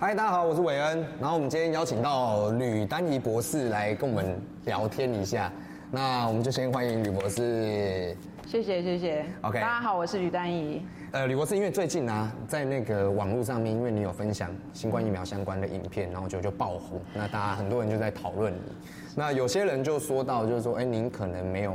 嗨，Hi，大家好，我是韋恩。然後我們今天邀請到呂丹宜博士來跟我們聊天一下。那我們就先歡迎呂博士。謝謝，謝謝。OK，大家好，我是呂丹宜。呃，呂博士，因為最近呢、啊，在那個網絡上面，因為你有分享新冠疫苗相關的影片，然後就就爆紅。那大家很多人就在討論你。那有些人就說到，就是說，哎、欸，您可能沒有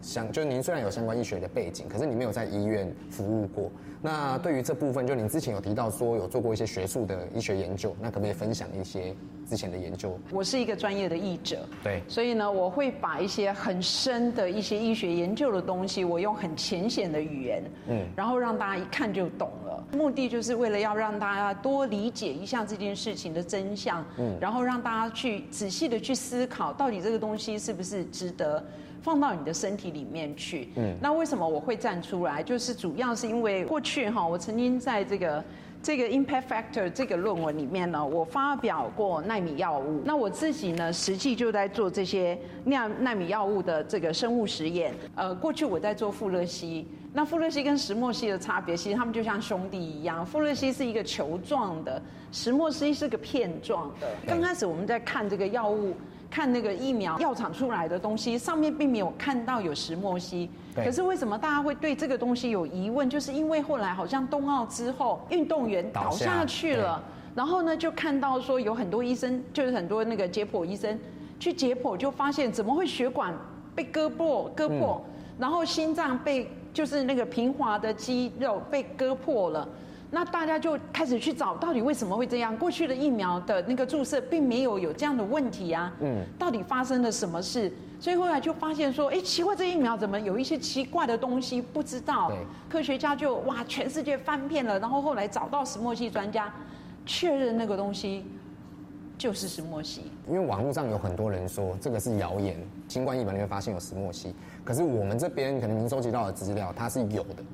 相，就您雖然有相關醫學的背景，可是你沒有在醫院服務過。那對於這部分，就您之前有提到說有做過一些學術的醫學研究，那可不可以分享一些之前的研究？我是一個專業的譯者，對，所以呢，我會把一些很深的一些醫學研究的東西，我用很淺顯的語言，嗯，然後讓大家一看就懂了。目的就是為了要讓大家多理解一下這件事情的真相，嗯，然後讓大家去仔細的去思考，到底這個東西是不是值得。放到你的身體裡面去。嗯，那為什麼我會站出來？就是主要是因為過去哈、哦，我曾經在這個這個 impact factor 這個論文裡面呢，我發表過奈米藥物。那我自己呢，實際就在做這些那奈米藥物的這個生物實驗。呃，過去我在做富勒烯，那富勒烯跟石墨烯的差別，其實他們就像兄弟一樣。富勒烯是一個球狀的，石墨烯是一個片狀的。對剛開始我們在看這個藥物。看那個疫苗藥廠出來的東西，上面並沒有看到有石墨烯。對可是為什麼大家會對這個東西有疑問？就是因為後來好像冬奧之後，運動員倒下去了，然後呢就看到說有很多醫生，就是很多那個解剖醫生去解剖，就發現怎麼會血管被割破割破，嗯、然後心臟被就是那個平滑的肌肉被割破了。那大家就開始去找，到底為什麼會這樣？過去的疫苗的那個注射並沒有有這樣的問題啊。嗯。到底發生了什麼事？所以後來就發現說，哎、欸，奇怪，這疫苗怎麼有一些奇怪的東西？不知道。對。科學家就哇，全世界翻遍了，然後後來找到石墨烯專家，確認那個東西就是石墨烯。因為網絡上有很多人說這個是謠言，新冠疫苗裡面發現有石墨烯，可是我們這邊可能您收集到的資料它是有的。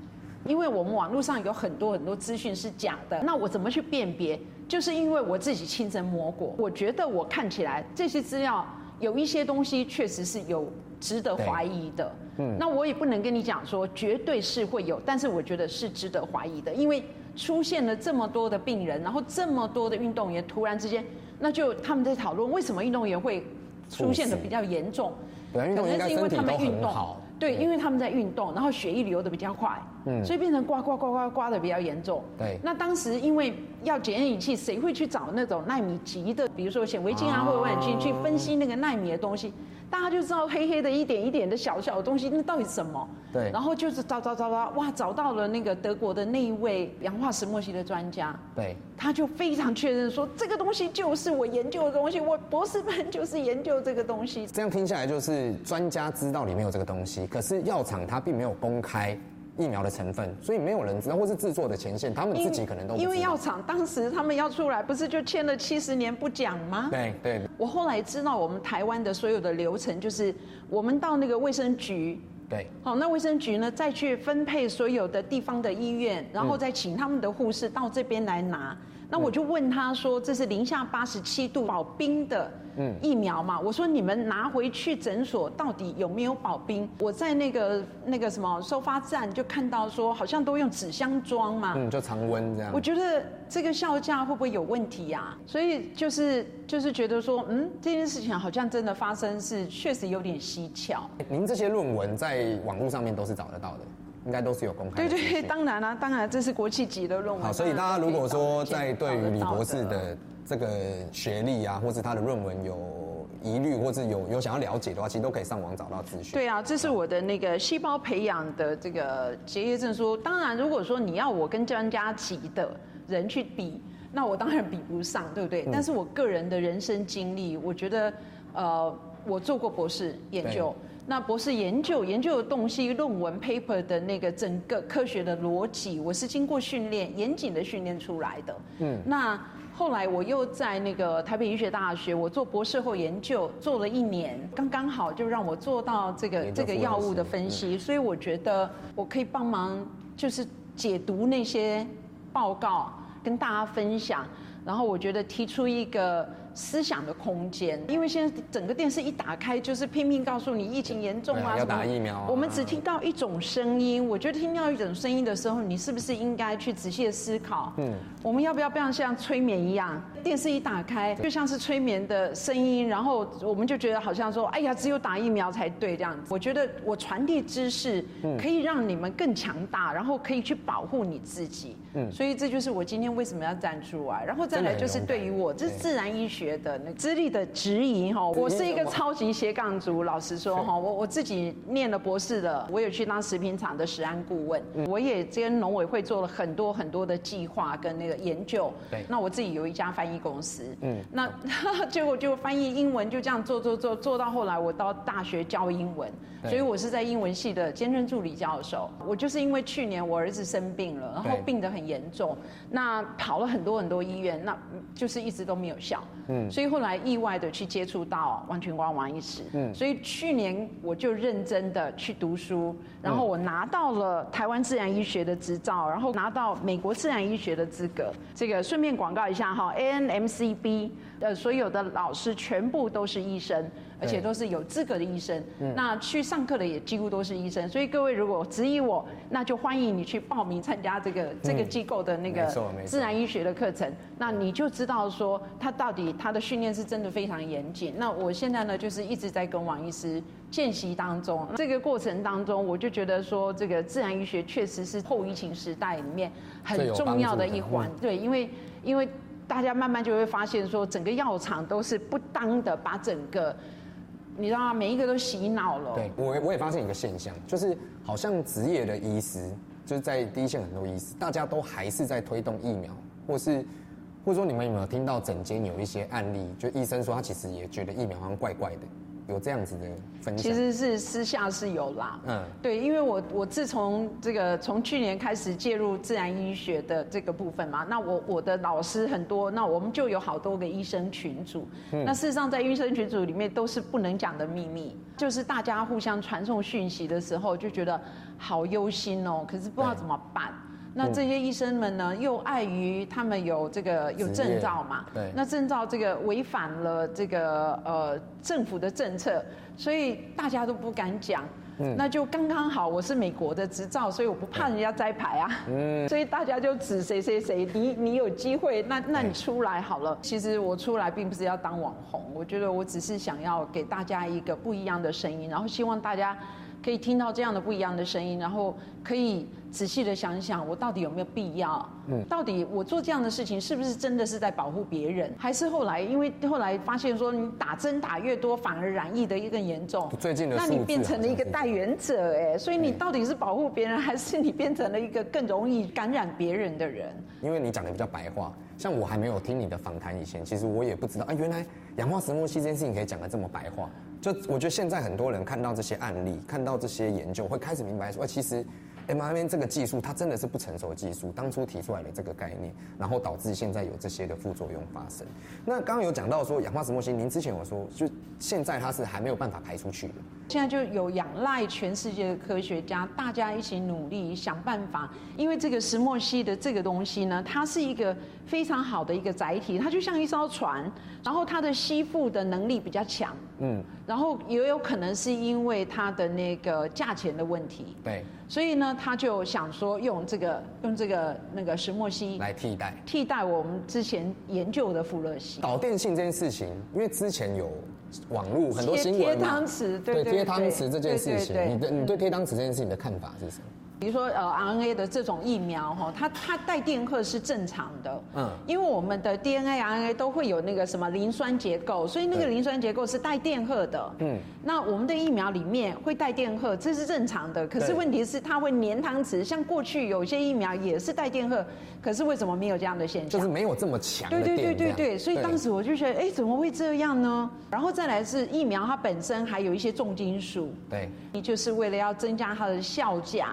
因為我們網絡上有很多很多資訊是假的，那我怎麼去辨別？就是因為我自己親身摸過。我覺得我看起來這些資料有一些東西確實是有值得懷疑的。嗯，那我也不能跟你講說絕對是會有，但是我覺得是值得懷疑的，因為出現了這麼多的病人，然後這麼多的運動員突然之間，那就他們在討論為什麼運動員會出現的比較嚴重。對，運動員應該身體都很好。可能是因為他們運動。對，因為他們在運動，然後血液流得比較快，對所以變成刮，刮刮刮刮刮的比較嚴重。對，那當時因為要檢驗儀器，誰會去找那種納米級的，比如說顯微鏡啊，啊或者望遠鏡去分析那個納米的東西？大家就知道黑黑的一點一點的小小的東西，那到底是什麼？對，然後就是找找找找，哇，找到了那個德國的那一位氧化石墨烯的專家，對，他就非常確認說這個東西就是我研究的東西，我博士班就是研究這個東西。這樣聽下來，就是專家知道裡面有這個東西，可是藥廠它並沒有公開。疫苗的成分，所以沒有人知道，或是製作的前線，他們自己可能都因為藥廠當時他們要出來，不是就簽了七十年不講嗎？對對。對對，我後來知道，我們台灣的所有的流程就是，我們到那個衛生局，對，好，那衛生局呢再去分配所有的地方的醫院，然後再請他們的護士到這邊來拿。嗯。那我就問他說：“這是零下八十七度保冰的疫苗嘛？”嗯、我說：“你們拿回去診所到底有沒有保冰？我在那個那個什麼收發站就看到說，好像都用紙箱裝嘛。”嗯，就常溫這樣。我覺得這個效價會不會有問題呀、啊？所以就是就是覺得說，嗯，這件事情好像真的發生是確實有點蹊蹺。您這些論文在網絡上面都是找得到的。應該都是有公開的。對，對對，當然啦、啊，當然這是國際級的論文。好，所以大家如果說在對於呂博士的這個學歷啊，德或是他的論文有疑慮，或是有有想要了解的話，其實都可以上網找到資訊。對啊，這是我的那個細胞培養的這個結業證書。好當然，如果說你要我跟專家級的人去比，那我當然比不上，對不對？嗯、但是我個人的人生經歷，我覺得，呃，我做過博士研究。那博士研究研究的東西，論文 paper 的那個整個科學的邏輯，我是經過訓練嚴謹的訓練出來的。嗯。那後來我又在那個台北醫學大學，我做博士後研究做了一年，剛剛好就讓我做到這個這個藥物的分析，所以我覺得我可以幫忙就是解讀那些報告，跟大家分享。然後我覺得提出一個。思想的空間，因為現在整個電視一打開就是拼命告訴你疫情嚴重啊，要打疫苗。我們只聽到一種聲音，我覺得聽到一種聲音的時候，你是不是應該去仔細的思考？嗯，我們要不要不要像催眠一樣？電視一打開，就像是催眠的聲音，然後我們就覺得好像說，哎呀，只有打疫苗才對這樣子。我覺得我傳遞知識可以讓你們更強大，然後可以去保護你自己。嗯，所以這就是我今天為什麼要站出來。然後再來就是對於我這是自然醫學的那資歷的質疑哈，我是一個超級斜槓族。老實說哈，我我自己念了博士的，我有去當食品廠的食安顧問，我也跟農委會做了很多很多的計劃跟那個研究。對，那我自己有一家翻譯。公司，嗯，那結果就翻譯英文，就這樣做做做，做到後來我到大學教英文，所以我是在英文系的兼任助理教授。我就是因為去年我兒子生病了，然後病得很嚴重，那跑了很多很多醫院，那就是一直都沒有效，嗯，所以後來意外的去接觸到王群光王醫師，嗯，所以去年我就認真的去讀書，然後我拿到了台灣自然醫學的執照，然後拿到美國自然醫學的資格。這個順便廣告一下哈，A N。M C B 的所有的老師全部都是醫生，而且都是有資格的醫生。那去上課的也幾乎都是醫生，所以各位如果質疑我，那就歡迎你去報名參加這個這個機構的那個自然醫學的課程。那你就知道說，他到底他的訓練是真的非常嚴謹。那我現在呢，就是一直在跟王醫師見習當中，這個過程當中，我就覺得說，這個自然醫學確實是後疫情時代裡面很重要的一環。對，因為因為。大家慢慢就會發現，說整個藥廠都是不當的，把整個你知道嗎？每一個都洗腦了。對，我也我也發現一個現象，就是好像職業的醫師，就是在第一線很多醫師，大家都還是在推動疫苗，或是或者說你們有沒有聽到診間有一些案例，就醫生說他其實也覺得疫苗好像怪怪的。有這樣子的分析其實是私下是有啦。嗯，對，因為我我自從這個從去年開始介入自然醫學的這個部分嘛，那我我的老師很多，那我們就有好多個醫生群組。嗯，那事實上在醫生群組裡面都是不能講的秘密，就是大家互相傳送訊息的時候就覺得好憂心哦，可是不知道怎麼辦。那這些醫生們呢？又礙於他們有這個有證照嘛？對。那證照這個違反了這個呃政府的政策，所以大家都不敢講。嗯。那就剛剛好，我是美國的執照，所以我不怕人家摘牌啊。嗯。所以大家就指誰誰誰，你你有機會，那那你出來好了。其實我出來並不是要當網紅，我覺得我只是想要給大家一個不一樣的聲音，然後希望大家。可以聽到這樣的不一樣的聲音，然後可以仔細的想一想，我到底有沒有必要？嗯，到底我做這樣的事情是不是真的是在保護別人？還是後來因為後來發現說，你打針打越多，反而染疫的一個更嚴重。最近的數字。那你變成了一個帶原者哎，所以你到底是保護別人？嗯，還是你變成了一個更容易感染別人的人？因為你講的比較白話，像我還沒有聽你的訪談以前，其實我也不知道啊，原來氧化石墨烯這件事情可以講的這麼白話。就我覺得現在很多人看到這些案例，看到這些研究，會開始明白說，哎，其實 mRNA 這個技術它真的是不成熟技術，當初提出來的這個概念，然後導致現在有這些的副作用發生。那剛剛有講到說氧化石墨烯，您之前有說就現在它是還沒有辦法排出去的。現在就有仰賴全世界的科學家，大家一起努力想辦法。因為這個石墨烯的這個東西呢，它是一個非常好的一個載體，它就像一艘船，然後它的吸附的能力比較強。嗯。然後也有可能是因為它的那個價錢的問題。對。所以呢，他就想說用這個用這個那個石墨烯來替代替代我們之前研究的富勒烯導電性這件事情，因為之前有。網絡很多新聞嘛，貼湯匙。對，貼湯匙這件事情，你的你對貼湯匙這件事情的看法是什麼？比如說呃，RNA 的這種疫苗哈，它它帶電荷是正常的，嗯，因為我們的 DNA、RNA 都會有那個什麼磷酸結構，所以那個磷酸結構是帶電荷的，嗯對，那我們的疫苗裡面會帶電荷，這是正常的。可是問題是它會粘湯匙，像過去有些疫苗也是帶電荷，可是為什麼沒有這樣的現象？就是沒有這麼強的對。對對對對對，所以當時我就覺得，哎對，怎麼會這樣呢？然後再來是疫苗它本身還有一些重金屬，對，你就是為了要增加它的效價。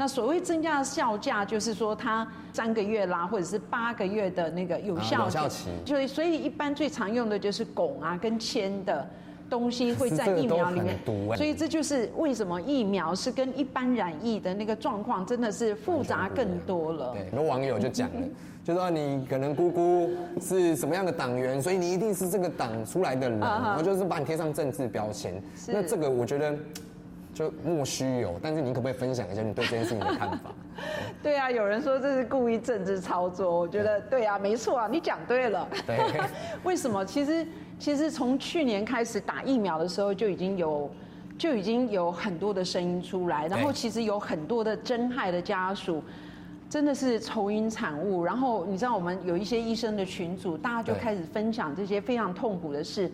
那所謂增加的效價，就是說它三個月啦，或者是八個月的那個有效、啊、有效期，就所以一般最常用的就是汞啊跟鉛的東西會在疫苗裡面，毒欸、所以這就是為什麼疫苗是跟一般染疫的那個狀況真的是複雜更多了。很多網友就講了， 就說你可能姑姑是什麼樣的黨員，所以你一定是這個黨出來的人，啊、哈然後就是把你貼上政治標籤。是那這個我覺得。就莫須有，但是你可不可以分享一下你對這件事情的看法？對，對啊，有人說這是故意政治操作，我覺得對啊，沒錯啊，你講對了。對， 為什麼？其實其實從去年開始打疫苗的時候就已經有，就已經有很多的聲音出來，對然後其實有很多的真害的家屬真的是愁雲慘霧，然後你知道我們有一些醫生的群組，大家就開始分享這些非常痛苦的事。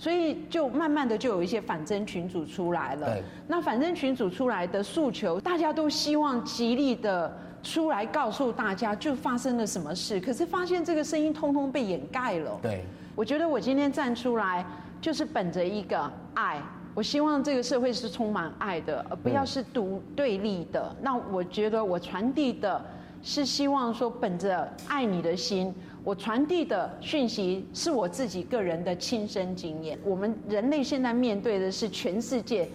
所以就慢慢的就有一些反真群組出來了。對那反真群組出來的訴求，大家都希望極力的出來告訴大家，就發生了什麼事。可是發現這個聲音通通被掩蓋了。對。我覺得我今天站出來，就是本着一個愛。我希望這個社會是充滿愛的，而不要是獨對立的。嗯。那我覺得我傳遞的，是希望說本着愛你的心。我傳遞的訊息是我自己個人的親身經驗。我們人類現在面對的是全世界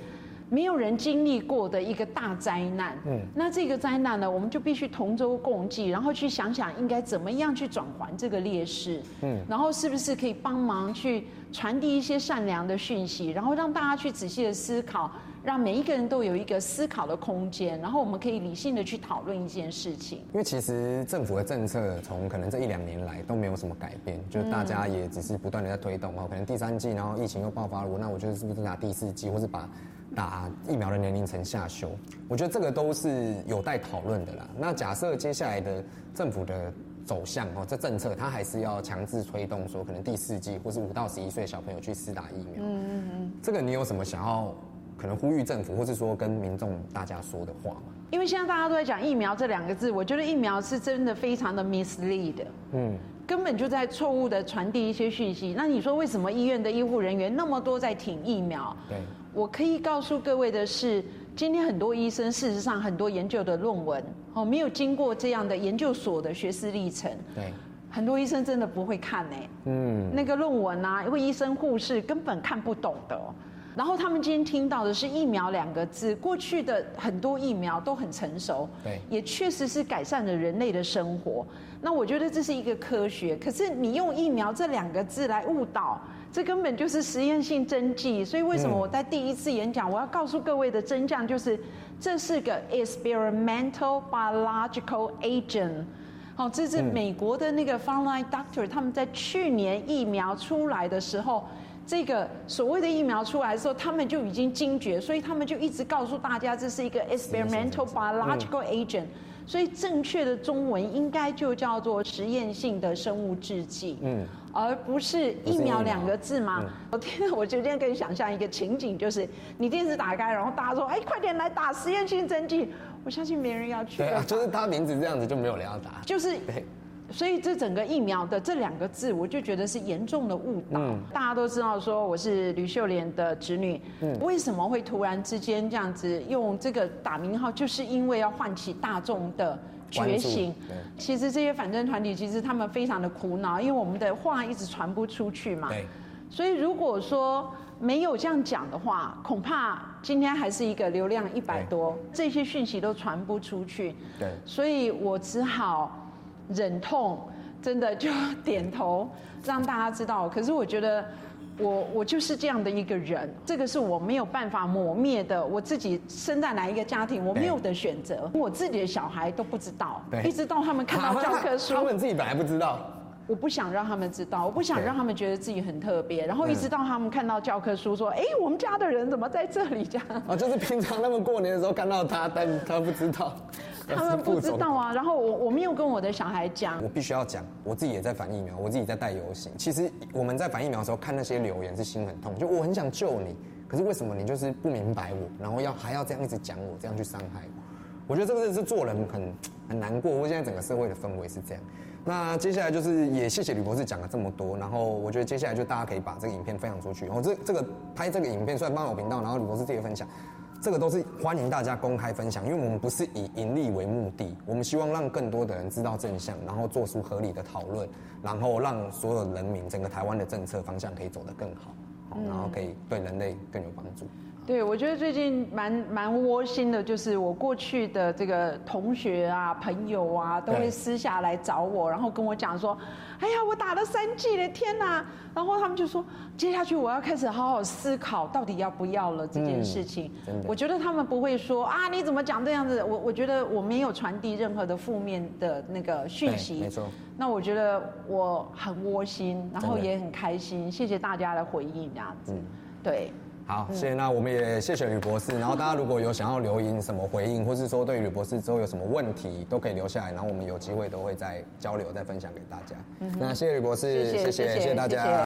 沒有人經歷過的一個大災難。嗯，那這個災難呢，我們就必須同舟共濟，然後去想想應該怎麼樣去轉圜這個劣勢。嗯，然後是不是可以幫忙去傳遞一些善良的訊息，然後讓大家去仔細的思考。讓每一個人都有一個思考的空間，然後我們可以理性的去討論一件事情。因為其實政府的政策從可能這一兩年來都沒有什麼改變，就是大家也只是不斷的在推動哦。嗯、可能第三劑然後疫情又爆發了，那我就是是不是打第四劑，或是把打疫苗的年齡層下修？我覺得這個都是有待討論的啦。那假設接下來的政府的走向哦，這政策它還是要強制推動，說可能第四劑或是五到十一歲的小朋友去施打疫苗。嗯嗯嗯，這個你有什麼想要？可能呼籲政府，或是說跟民眾大家說的話嘛？因為現在大家都在講疫苗這兩個字，我覺得疫苗是真的非常的 mislead，嗯，根本就在錯誤的傳遞一些訊息。那你說為什麼醫院的醫護人員那麼多在挺疫苗？對，我可以告訴各位的是，今天很多醫生，事實上很多研究的論文哦，沒有經過這樣的研究所的學士歷程，對，很多醫生真的不會看呢、欸。嗯，那個論文啊，因為醫生護士根本看不懂的。然後他們今天聽到的是“疫苗”兩個字，過去的很多疫苗都很成熟，對，也確實是改善了人類的生活。那我覺得這是一個科學，可是你用“疫苗”這兩個字來誤導，這根本就是實驗性針劑。所以為什麼我在第一次演講，嗯、我要告訴各位的真相就是，這是個 experimental biological agent。好、哦，這是美國的那個 frontline doctor，他們在去年疫苗出來的時候。這個所謂的疫苗出來的時候，他們就已經驚覺，所以他們就一直告訴大家這是一個 experimental biological agent，所以正確的中文應該就叫做實驗性的生物製劑，嗯、而不是疫苗，是疫苗兩個字嘛。嗯、我今天，我昨天跟你想象一個情景，就是你電視打開，然後大家說，哎，快點來打實驗性針劑，我相信沒人要去。對啊，就是他名字這樣子就沒有人要打。就是。所以這整個疫苗的這兩個字，我就覺得是嚴重的誤導。嗯。大家都知道說我是呂秀蓮的侄女，嗯。為什麼會突然之間這樣子用這個打名號？就是因為要喚起大眾的覺醒。對。其實這些反正團體其實他們非常的苦惱，因為我們的話一直傳不出去嘛。對。所以如果說沒有這樣講的話，恐怕今天還是一個流量一百多，對這些訊息都傳不出去。對。所以我只好。忍痛，真的就點頭，對讓大家知道。可是我覺得我，我我就是這樣的一個人，這個是我沒有辦法磨滅的。我自己生在哪一個家庭，我沒有的選擇。對我自己的小孩都不知道，對一直到他們看到教科書，啊、他們自己本來不知道。我不想讓他們知道，我不想讓他們覺得自己很特別。對然後一直到他們看到教科書，說：“哎、嗯，我們家的人怎麼在這裡？”這樣、啊。就是平常他們過年的時候看到他，但他不知道。 他們不知道啊，然後我我沒有跟我的小孩講。我必須要講，我自己也在反疫苗，我自己在帶遊行。其實我們在反疫苗的時候看那些留言是心很痛，就我很想救你，可是為什麼你就是不明白我，然後要還要這樣一直講我，這樣去傷害我？我覺得這個是是做人很很難過，我現在整個社會的氛圍是這樣。那接下來就是也謝謝呂博士講了這麼多，然後我覺得接下來就大家可以把這個影片分享出去。然後這這個拍這個影片算幫我頻道，然後呂博士自己分享。這個都是歡迎大家公開分享，因為我們不是以盈利為目的，我們希望讓更多的人知道真相，然後做出合理的討論，然後讓所有人民整個台灣的政策方向可以走得更好，好，嗯，然後可以對人類更有幫助。對，我覺得最近蠻蠻窩心的，就是我過去的這個同學啊、朋友啊，都會私下來找我，對然後跟我講說：“哎呀，我打了三劑了，天哪！”嗯、然後他們就說：“接下去我要開始好好思考，到底要不要了這件事情。嗯”我覺得他們不會說啊，你怎麼講這樣子？我我覺得我沒有傳遞任何的負面的那個訊息。那我覺得我很窩心，然後也很開心。的謝謝大家的回應，這樣子。嗯、對。好，謝謝。那我們也謝謝呂博士。然後大家如果有想要留言、什麼回應，或是說對於呂博士之後有什麼問題，都可以留下來。然後我們有機會都會再交流、再分享給大家。嗯哼。那謝謝呂博士，謝謝，謝謝，謝謝大家。謝謝。